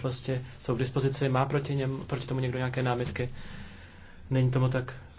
prostě jsou k dispozici. Má proti, něm, proti tomu někdo nějaké námitky? Není tomu tak.